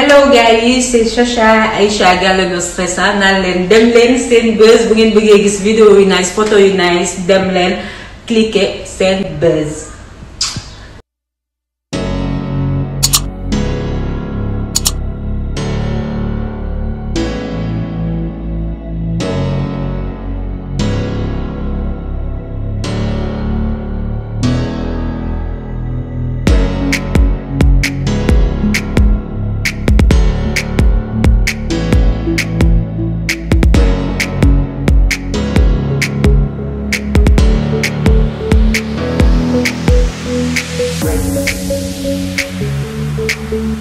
hello guys c'est Chacha Aïcha Gallo Stressa ah, naan leen dem leen seen buzz bu ngeen bëggee gis vidéo yu nice photo yu nice dem leen cliquer seen buzz